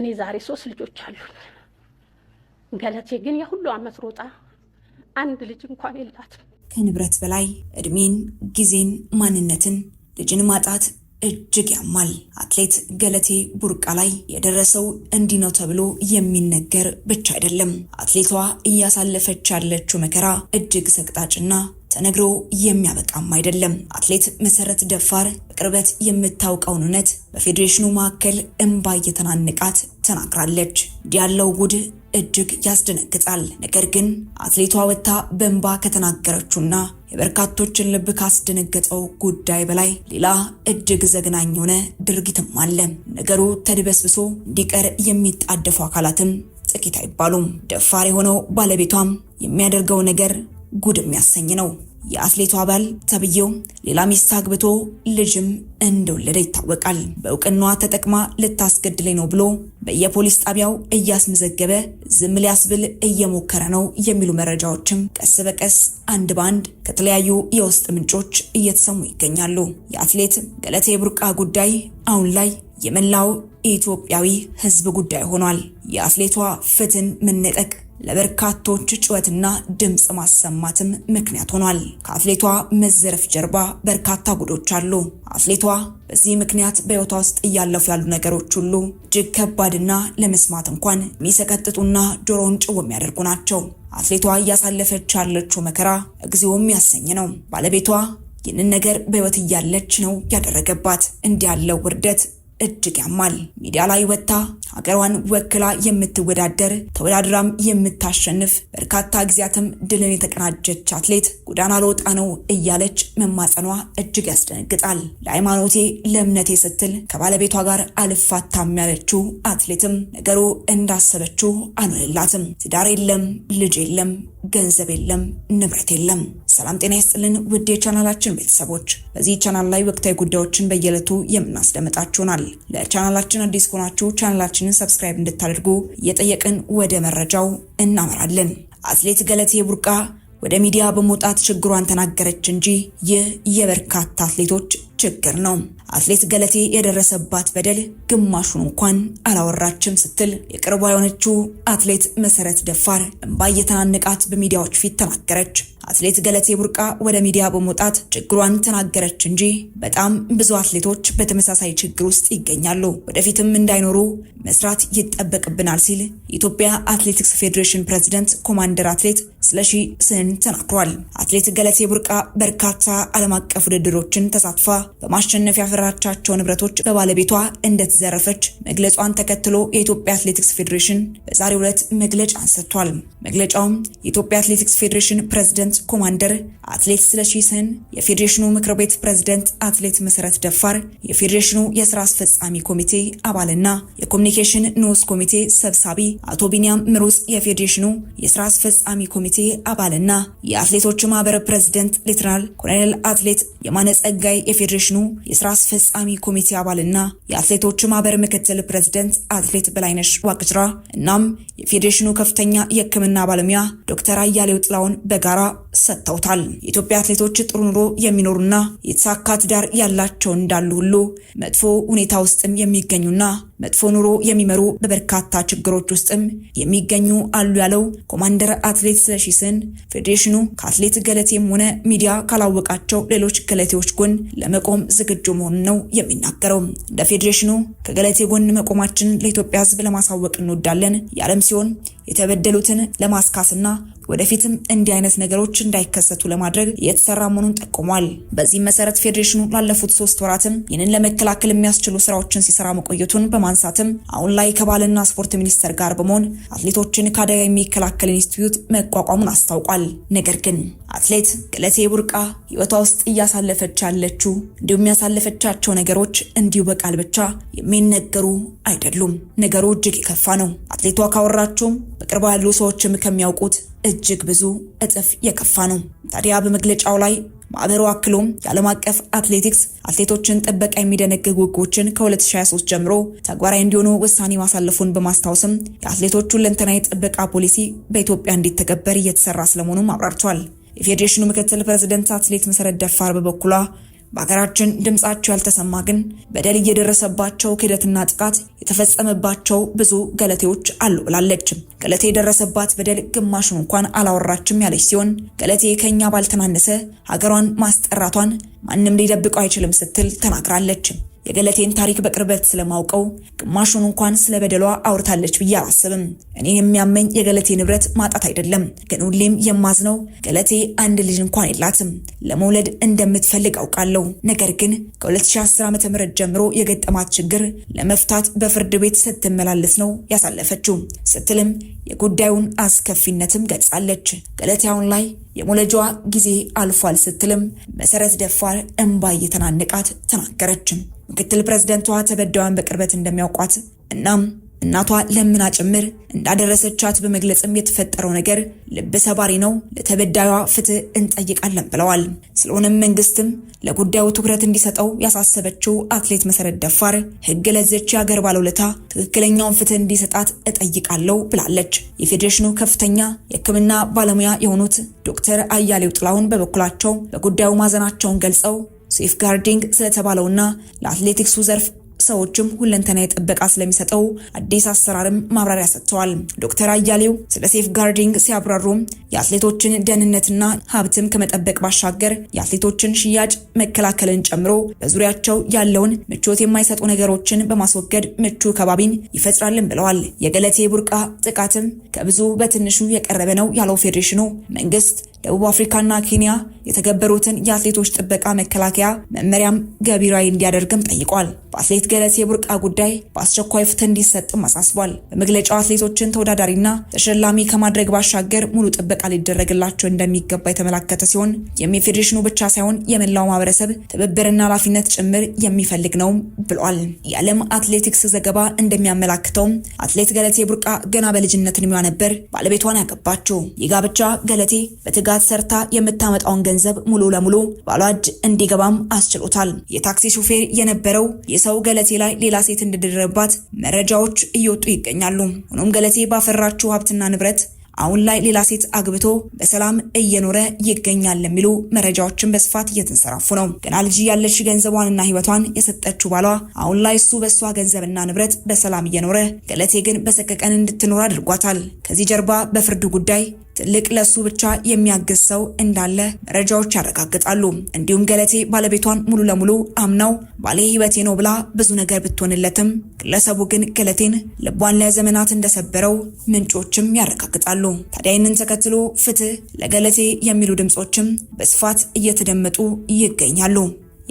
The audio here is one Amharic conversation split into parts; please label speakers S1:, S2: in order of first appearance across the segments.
S1: እኔ ዛሬ ሶስት ልጆች አሉኝ። ገለቴ ግን የሁሉ አመት ሮጣ አንድ ልጅ እንኳን የላትም።
S2: ከንብረት በላይ እድሜን፣ ጊዜን፣ ማንነትን ልጅን ማጣት እጅግ ያማል። አትሌት ገለቴ ቡርቃ ላይ የደረሰው እንዲህ ነው ተብሎ የሚነገር ብቻ አይደለም። አትሌቷ እያሳለፈች ያለችው መከራ እጅግ ሰቅጣጭና ተነግሮ የሚያበቃም አይደለም። አትሌት መሰረት ደፋር በቅርበት የምታውቀውን እውነት በፌዴሬሽኑ መካከል እንባ እየተናነቃት ተናግራለች። እንዲህ ያለው ጉድ እጅግ ያስደነግጣል። ነገር ግን አትሌቷ ወጥታ በእንባ ከተናገረችውና የበርካቶችን ልብ ካስደነገጠው ጉዳይ በላይ ሌላ እጅግ ዘግናኝ የሆነ ድርጊትም አለ። ነገሩ ተድበስብሶ እንዲቀር የሚጣደፉ አካላትም ጥቂት አይባሉም። ደፋር የሆነው ባለቤቷም የሚያደርገው ነገር ጉድ የሚያሰኝ ነው። የአትሌቱ አባል ተብዬው ሌላ ሚስት አግብቶ ልጅም እንደወለደ ይታወቃል። በእውቅናዋ ተጠቅማ ልታስገድለኝ ነው ብሎ በየፖሊስ ጣቢያው እያስመዘገበ ዝም ሊያስብል እየሞከረ ነው የሚሉ መረጃዎችም ቀስ በቀስ አንድ በአንድ ከተለያዩ የውስጥ ምንጮች እየተሰሙ ይገኛሉ። የአትሌት ገለቴ ቡርቃ ጉዳይ አሁን ላይ የመላው ኢትዮጵያዊ ሕዝብ ጉዳይ ሆኗል። የአትሌቷ ፍትህን መነጠቅ ለበርካቶች ጩኸትና ድምፅ ማሰማትም ምክንያት ሆኗል። ከአትሌቷ መዘረፍ ጀርባ በርካታ ጉዶች አሉ። አትሌቷ በዚህ ምክንያት በሕይወቷ ውስጥ እያለፉ ያሉ ነገሮች ሁሉ እጅግ ከባድና ለመስማት እንኳን የሚሰቀጥጡና ጆሮን ጭው የሚያደርጉ ናቸው። አትሌቷ እያሳለፈች ያለችው መከራ እግዚኦም የሚያሰኝ ነው። ባለቤቷ ይህንን ነገር በሕይወት እያለች ነው ያደረገባት። እንዲህ ያለው ውርደት እጅግ ያማል። ሚዲያ ላይ ወጥታ ሀገሯን ወክላ የምትወዳደር ተወዳድራም የምታሸንፍ በርካታ ጊዜያትም ድልን የተቀናጀች አትሌት ጎዳና ለወጣ ነው እያለች መማጸኗ እጅግ ያስደነግጣል። ለሃይማኖቴ ለእምነቴ ስትል ከባለቤቷ ጋር አልፋታም ያለችው አትሌትም ነገሩ እንዳሰበችው አልሆነላትም። ትዳር የለም፣ ልጅ የለም ገንዘብ የለም፣ ንብረት የለም። ሰላም ጤና ይስጥልን ውድ የቻናላችን ቤተሰቦች፣ በዚህ ቻናል ላይ ወቅታዊ ጉዳዮችን በየዕለቱ የምናስደምጣችሁናል። ለቻናላችን አዲስ ከሆናችሁ ቻናላችንን ሰብስክራይብ እንድታደርጉ እየጠየቅን ወደ መረጃው እናመራለን። አትሌት ገለቴ ቡርቃ ወደ ሚዲያ በመውጣት ችግሯን ተናገረች እንጂ ይህ የበርካታ አትሌቶች ችግር ነው። አትሌት ገለቴ የደረሰባት በደል ግማሹን እንኳን አላወራችም ስትል የቅርቧ የሆነችው አትሌት መሰረት ደፋር እንባ እየተናነቃት በሚዲያዎች ፊት ተናገረች። አትሌት ገለቴ ቡርቃ ወደ ሚዲያ በመውጣት ችግሯን ተናገረች እንጂ በጣም ብዙ አትሌቶች በተመሳሳይ ችግር ውስጥ ይገኛሉ፣ ወደፊትም እንዳይኖሩ መስራት ይጠበቅብናል ሲል የኢትዮጵያ አትሌቲክስ ፌዴሬሽን ፕሬዚደንት ኮማንደር አትሌት ስለሺ ስህን ተናግሯል። አትሌት ገለቴ ቡርቃ በርካታ ዓለም አቀፍ ውድድሮችን ተሳትፋ በማሸነፊያ ያፈራቻቸው ንብረቶች በባለቤቷ እንደተዘረፈች መግለጿን ተከትሎ የኢትዮጵያ አትሌቲክስ ፌዴሬሽን በዛሬው ዕለት መግለጫን ሰጥቷል። መግለጫውም የኢትዮጵያ አትሌቲክስ ፌዴሬሽን ፕሬዝደንት ኮማንደር አትሌት ስለሺ ስህን፣ የፌዴሬሽኑ ምክር ቤት ፕሬዝደንት አትሌት መሰረት ደፋር፣ የፌዴሬሽኑ የስራ አስፈጻሚ ኮሚቴ አባልና የኮሚኒኬሽን ንዑስ ኮሚቴ ሰብሳቢ አቶ ቢኒያም ምሩጽ፣ የፌዴሬሽኑ የስራ አስፈጻሚ ኮሚቴ አባልና የአትሌቶች ማህበር ፕሬዝደንት ሌትናል ኮሎኔል አትሌት የማነ ጸጋይ፣ የፌዴሬሽኑ የስራ አስፈጻሚ ኮሚቴ አባልና የአትሌቶች ማህበር ምክትል ፕሬዝደንት አትሌት በላይነሽ ዋቅጅራ እናም የፌዴሬሽኑ ከፍተኛ የሕክምና ባለሙያ ዶክተር አያሌው ጥላውን በጋራ ሰጥተውታል። የኢትዮጵያ አትሌቶች ጥሩ ኑሮ የሚኖሩና የተሳካ ትዳር ያላቸው እንዳሉ ሁሉ መጥፎ ሁኔታ ውስጥም የሚገኙና መጥፎ ኑሮ የሚመሩ በበርካታ ችግሮች ውስጥም የሚገኙ አሉ ያለው ኮማንደር አትሌት ስለሺ ስህን ፌዴሬሽኑ ከአትሌት ገለቴም ሆነ ሚዲያ ካላወቃቸው ሌሎች ገለቴዎች ጎን ለመቆም ዝግጁ መሆኑን ነው የሚናገረው። እንደ ፌዴሬሽኑ ከገለቴ ጎን መቆማችን ለኢትዮጵያ ሕዝብ ለማሳወቅ እንወዳለን ያለም ሲሆን የተበደሉትን ለማስካስና ወደፊትም እንዲህ አይነት ነገሮች እንዳይከሰቱ ለማድረግ እየተሰራ መሆኑን ጠቁሟል። በዚህም መሰረት ፌዴሬሽኑ ላለፉት ሶስት ወራትም ይህንን ለመከላከል የሚያስችሉ ስራዎችን ሲሰራ መቆየቱን በማንሳትም አሁን ላይ ከባህልና ስፖርት ሚኒስቴር ጋር በመሆን አትሌቶችን ከአደጋ የሚከላከል ኢንስቲትዩት መቋቋሙን አስታውቋል። ነገር ግን አትሌት ገለቴ ቡርቃ ህይወቷ ውስጥ እያሳለፈች ያለችው እንዲሁም ያሳለፈቻቸው ነገሮች እንዲሁ በቃል ብቻ የሚነገሩ አይደሉም። ነገሩ እጅግ የከፋ ነው። አትሌቷ ካወራችውም በቅርባ ያሉ ሰዎችም ከሚያውቁት እጅግ ብዙ እጥፍ የከፋ ነው። ታዲያ በመግለጫው ላይ ማህበሩ አክሎም የዓለም አቀፍ አትሌቲክስ አትሌቶችን ጥበቃ የሚደነግጉ ሕጎችን ከ2023 ጀምሮ ተግባራዊ እንዲሆኑ ውሳኔ ማሳለፉን በማስታወስም የአትሌቶቹ ሁለንተናዊ ጥበቃ ፖሊሲ በኢትዮጵያ እንዲተገበር እየተሰራ ስለመሆኑም አብራርቷል። የፌዴሬሽኑ ምክትል ፕሬዝደንት አትሌት መሰረት ደፋር በበኩሏ በሀገራችን ድምፃቸው ያልተሰማ ግን በደል እየደረሰባቸው ክህደትና ጥቃት የተፈጸመባቸው ብዙ ገለቴዎች አሉ ብላለች። ገለቴ የደረሰባት በደል ግማሹን እንኳን አላወራችም ያለች ሲሆን ገለቴ ከእኛ ባልተናነሰ ሀገሯን ማስጠራቷን ማንም ሊደብቀው አይችልም ስትል ተናግራለች። የገለቴን ታሪክ በቅርበት ስለማውቀው ግማሹን እንኳን ስለ በደሏ አውርታለች ብዬ አላስብም። እኔ የሚያመኝ የገለቴ ንብረት ማጣት አይደለም፣ ግን ሁሌም የማዝነው ገለቴ አንድ ልጅ እንኳን የላትም። ለመውለድ እንደምትፈልግ አውቃለሁ። ነገር ግን ከ2010 ዓ ም ጀምሮ የገጠማት ችግር ለመፍታት በፍርድ ቤት ስትመላለስ ነው ያሳለፈችው ስትልም የጉዳዩን አስከፊነትም ገልጻለች። ገለቴ አሁን ላይ የሞለጇ ጊዜ አልፏል ስትልም መሰረት ደፋር እንባ እየተናነቃት ተናገረችም። ምክትል ፕሬዝደንቷ ተበዳዋን በቅርበት እንደሚያውቋት እናም እናቷ ለምና ጭምር እንዳደረሰቻት በመግለጽም የተፈጠረው ነገር ልብ ሰባሪ ነው፣ ለተበዳዩዋ ፍትህ እንጠይቃለን ብለዋል። ስለሆነም መንግስትም ለጉዳዩ ትኩረት እንዲሰጠው ያሳሰበችው አትሌት መሰረት ደፋር ህግ ለዘች የአገር ባለውለታ ትክክለኛውን ፍትህ እንዲሰጣት እጠይቃለሁ ብላለች። የፌዴሬሽኑ ከፍተኛ የህክምና ባለሙያ የሆኑት ዶክተር አያሌው ጥላሁን በበኩላቸው በጉዳዩ ማዘናቸውን ገልጸው ሴፍ ጋርዲንግ ስለተባለውና ለአትሌቲክሱ ዘርፍ ሰዎችም ሁለንተና የጠበቃ ስለሚሰጠው አዲስ አሰራርም ማብራሪያ ሰጥተዋል። ዶክተር አያሌው ስለ ሴፍ ጋርዲንግ ሲያብራሩ የአትሌቶችን ደህንነትና ሀብትም ከመጠበቅ ባሻገር የአትሌቶችን ሽያጭ መከላከልን ጨምሮ በዙሪያቸው ያለውን ምቾት የማይሰጡ ነገሮችን በማስወገድ ምቹ ከባቢን ይፈጥራልን ብለዋል። የገለቴ ቡርቃ ጥቃትም ከብዙ በትንሹ የቀረበ ነው ያለው ፌዴሬሽኑ መንግስት ደቡብ አፍሪካና ኬንያ የተገበሩትን የአትሌቶች ጥበቃ መከላከያ መመሪያም ገቢራዊ እንዲያደርግም ጠይቋል። በአትሌት ገለቴ ቡርቃ ጉዳይ በአስቸኳይ ፍትህ እንዲሰጥም አሳስቧል። በመግለጫው አትሌቶችን ተወዳዳሪና ተሸላሚ ከማድረግ ባሻገር ሙሉ ጥበቃ ሊደረግላቸው እንደሚገባ የተመላከተ ሲሆን የፌዴሬሽኑ ብቻ ሳይሆን የመላው ማህበረሰብ ትብብርና ኃላፊነት ጭምር የሚፈልግ ነው ብሏል። የዓለም አትሌቲክስ ዘገባ እንደሚያመላክተውም አትሌት ገለቴ ቡርቃ ገና በልጅነት እድሜዋ ነበር ባለቤቷን ያገባችው። የጋብቻ ገለቴ በትጋት ሰርታ የምታመጣውን ገንዘብ ሙሉ ለሙሉ ባሏ እጅ እንዲገባም አስችሎታል። የታክሲ ሹፌር የነበረው የሰው ገለቴ ላይ ሌላ ሴት እንደደረባት መረጃዎች እየወጡ ይገኛሉ። ሆኖም ገለቴ ባፈራችው ሀብትና ንብረት አሁን ላይ ሌላ ሴት አግብቶ በሰላም እየኖረ ይገኛል የሚሉ መረጃዎችን በስፋት እየተንሰራፉ ነው። ገና ልጅ ያለች ገንዘቧንና ሕይወቷን የሰጠችው ባሏ አሁን ላይ እሱ በእሷ ገንዘብና ንብረት በሰላም እየኖረ ገለቴ ግን በሰቀቀን እንድትኖር አድርጓታል። ከዚህ ጀርባ በፍርድ ጉዳይ ትልቅ ለሱ ብቻ የሚያግዝ ሰው እንዳለ መረጃዎች ያረጋግጣሉ። እንዲሁም ገለቴ ባለቤቷን ሙሉ ለሙሉ አምናው ባሌ ህይወቴ ነው ብላ ብዙ ነገር ብትሆንለትም ግለሰቡ ግን ገለቴን ልቧን ለዘመናት እንደሰበረው ምንጮችም ያረጋግጣሉ። ታዲያ ይህንን ተከትሎ ፍትህ ለገለቴ የሚሉ ድምጾችም በስፋት እየተደመጡ ይገኛሉ።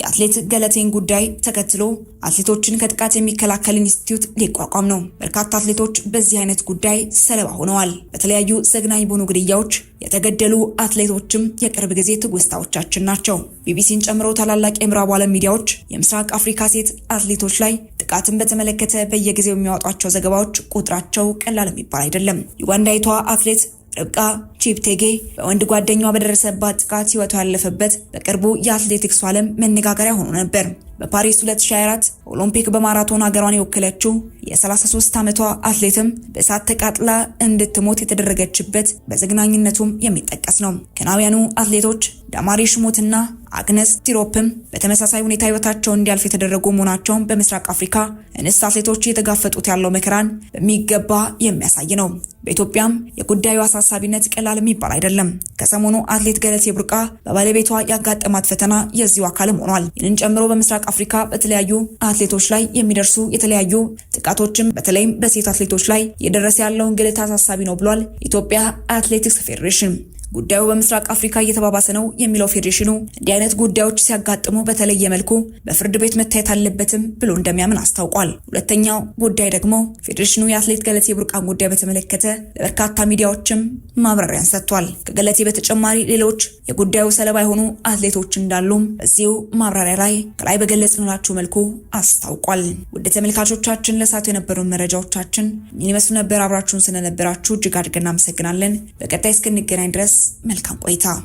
S2: የአትሌት ገለቴን ጉዳይ ተከትሎ አትሌቶችን ከጥቃት የሚከላከል ኢንስቲትዩት ሊቋቋም ነው። በርካታ አትሌቶች በዚህ አይነት ጉዳይ ሰለባ ሆነዋል። በተለያዩ ዘግናኝ በሆኑ ግድያዎች የተገደሉ አትሌቶችም የቅርብ ጊዜ ትውስታዎቻችን ናቸው። ቢቢሲን ጨምሮ ታላላቅ የምዕራቡ ዓለም ሚዲያዎች የምስራቅ አፍሪካ ሴት አትሌቶች ላይ ጥቃትን በተመለከተ በየጊዜው የሚያወጧቸው ዘገባዎች ቁጥራቸው ቀላል የሚባል አይደለም። ዩጋንዳዊቷ አትሌት ርብቃ ቺፕቴጌ በወንድ ጓደኛዋ በደረሰባት ጥቃት ህይወቷ ያለፈበት በቅርቡ የአትሌቲክሱ ዓለም መነጋገሪያ ሆኖ ነበር። በፓሪስ 2024 ኦሎምፒክ በማራቶን ሀገሯን የወከለችው የ33 ዓመቷ አትሌትም በእሳት ተቃጥላ እንድትሞት የተደረገችበት በዘግናኝነቱም የሚጠቀስ ነው። ከናውያኑ አትሌቶች ዳማሪ ሽሞትና አግነስ ቲሮፕም በተመሳሳይ ሁኔታ ህይወታቸው እንዲያልፍ የተደረጉ መሆናቸውን በምስራቅ አፍሪካ እንስት አትሌቶች እየተጋፈጡት ያለው መከራን በሚገባ የሚያሳይ ነው። በኢትዮጵያም የጉዳዩ አሳሳቢነት ቀላል የሚባል አይደለም። ከሰሞኑ አትሌት ገለቴ ቡርቃ በባለቤቷ ያጋጠማት ፈተና የዚሁ አካልም ሆኗል። ይህንን ጨምሮ በምስራቅ አፍሪካ በተለያዩ አትሌቶች ላይ የሚደርሱ የተለያዩ ጥቃቶችም በተለይም በሴት አትሌቶች ላይ የደረሰ ያለውን ግልት አሳሳቢ ነው ብሏል ኢትዮጵያ አትሌቲክስ ፌዴሬሽን። ጉዳዩ በምስራቅ አፍሪካ እየተባባሰ ነው የሚለው ፌዴሬሽኑ እንዲህ አይነት ጉዳዮች ሲያጋጥሙ በተለየ መልኩ በፍርድ ቤት መታየት አለበትም ብሎ እንደሚያምን አስታውቋል። ሁለተኛው ጉዳይ ደግሞ ፌዴሬሽኑ የአትሌት ገለቴ ቡርቃን ጉዳይ በተመለከተ በበርካታ ሚዲያዎችም ማብራሪያን ሰጥቷል። ከገለቴ በተጨማሪ ሌሎች የጉዳዩ ሰለባ የሆኑ አትሌቶች እንዳሉም በዚሁ ማብራሪያ ላይ ከላይ በገለጽንላችሁ መልኩ አስታውቋል። ውድ ተመልካቾቻችን ለሳቱ የነበሩን መረጃዎቻችን ይመስሉ ነበር። አብራችሁን ስለነበራችሁ እጅግ አድርገን እናመሰግናለን። በቀጣይ እስክንገናኝ ድረስ መልካም ቆይታ